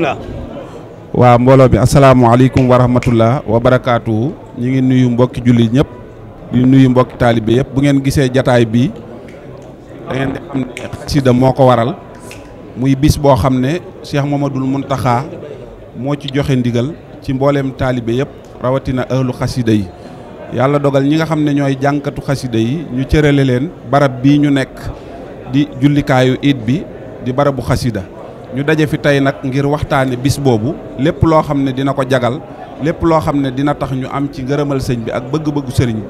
Nah. wa mbolo bi alaykum wa rahmatullah wa barakatuh ñi ngi nuyu mbokk julli ñep di nuyu mbokki taalibe yep bu ngeen gisee jotaay bi da ngeen di am xasida moo waral muy bis bo xam Cheikh mamadou muntaha mo ci joxe ndigal ci mbooleem taalibe yëpp rawatina ahlul khasida yi yalla dogal ñi nga xam ñoy jankatu jànkatu yi ñu cërele leen barab bi ñu nek di kayu iid bi di barabu khasida ñu daje fi tey nag ngir waxtaani bis boobu lépp loo xam ne dina ko jagal lépp loo xam ne dina tax ñu am ci gërëmal sëñ bi ak bëgg-bëggu sëriñ bi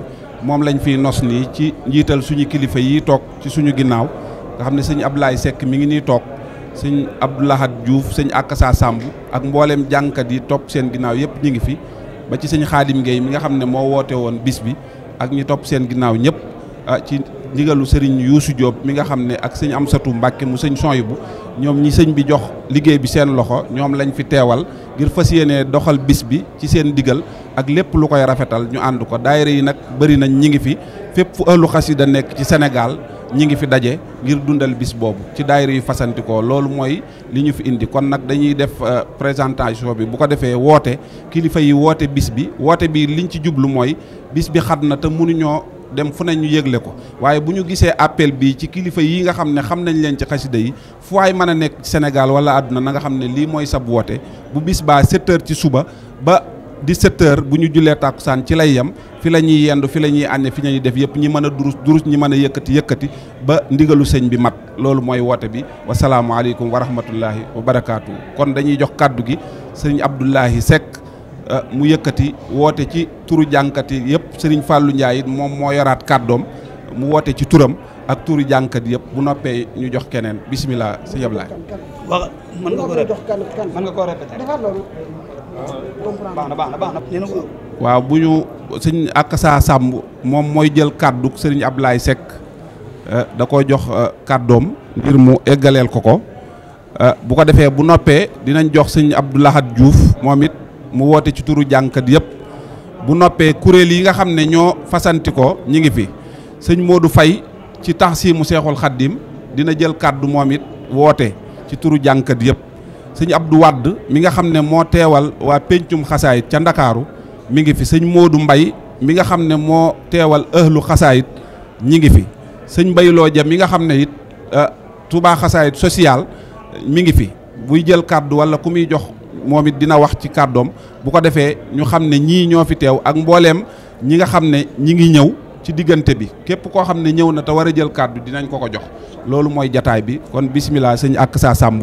moom lañ fiy nos nii ci njiital suñu kilifa yi toog ci suñu ginnaaw nga xam ne sëñ Ablaye sekk mi ngi nii toog sëñ Abdoulahat Diouf sëñ Akassa Samb ak mbooleem jànkat yi topp seen ginnaaw yëpp ñu ngi fi ba ci sëñ Xaadim Gueye mi nga xam ne moo woote woon bis bi ak ñi topp seen ginnaaw ñëpp ah ci ndigalu sëriñ Youssou Diop mi nga xam ne ak sëñ Amsatu Mbàkke mu sëñ bu ñoom ñi sëñ bi jox liggéey bi seen loxo ñoom lañ fi teewal ngir fas yéene doxal bis bi ci seen digal ak lépp lu koy rafetal ñu ànd ko daayira yi nag bëri nañ ñi ngi fi fépp fu ëllu da nekk ci Sénégal ñi ngi fi daje ngir dundal bis boobu ci daayira yu fasantikoo loolu mooy li ñu fi indi kon nag dañuy def euh, présentation bi bu ko defee woote kilifa yi woote bis bi woote bi liñ ci jublu mooy bis bi xat na te dem fu ne ñu yëgle ko waaye bu ñu gisee appel bi ci kilifa yi nga xam ne xam nañ leen ci xasida yi fu waay mën a nekk Sénégal wala àdduna na nga xam ne lii mooy sab woote bu bis baa 7 ci suba ba di heures bu ñu jullee tàkkusaan ci lay yem fi la ñuy yendu fi la ñuy ànne fi lañuy def yëpp ñi mën a durus durus ñi mën a yëkkati yëkkati ba ndigalu sëñ bi mat loolu mooy woote bi wasalaamualeykum wa rahmatullahi wa barakaatu kon dañuy jox kàddu gi sëñ Abdoulahi Seck Euh, mu yëkkati woote ci turu jànkat yi yëpp Serigne Fallou Ndiaye moom moo yoraat kàddoom mu woote ci turam ak turu jànkat yëpp bu noppee ñu jox keneen bisimilah sëñ Ablaye. waaw bu ñu sëñ ak saa sàmb moom mooy jël kàddu Serigne ablaay Seck euh, da ko jox euh, kàddoom ngir mu eggaleel ko ko bu ko defee bu noppee dinañ jox sëñ Abdoulahad Diouf moom it. mu woote ci turu jàngkat yëpp bu noppee kuréel yi nga xam ne ñoo fasantikoo ko ñi ngi fi sëñ Modou Faye ci mu seexul xaddim dina jël kàddu moom it woote ci turu jàngkat yëpp sëñ Abdou wàdd mi nga xam ne moo teewal waa péncum xasaayit ca ndakaaru mi ngi fi sëñ Modou Mbay mi nga xam ne moo teewal ëhlu xasaayit ñi ngi fi sëñ Bayloo mi nga xam ne it euh, Touba xasaayit social mi ngi fi buy jël kàddu wala ku muy jox moom it dina wax ci kàddoom bu ko defee ñu xam ne ñii ñoo fi teew ak mbooleem ñi nga xam ne ñi ngi ñëw ci diggante bi képp koo xam ne ñëw na te war a jël kàddu dinañ ko ko jox loolu mooy jataay bi kon bisimilah sëñ ak saa sàmb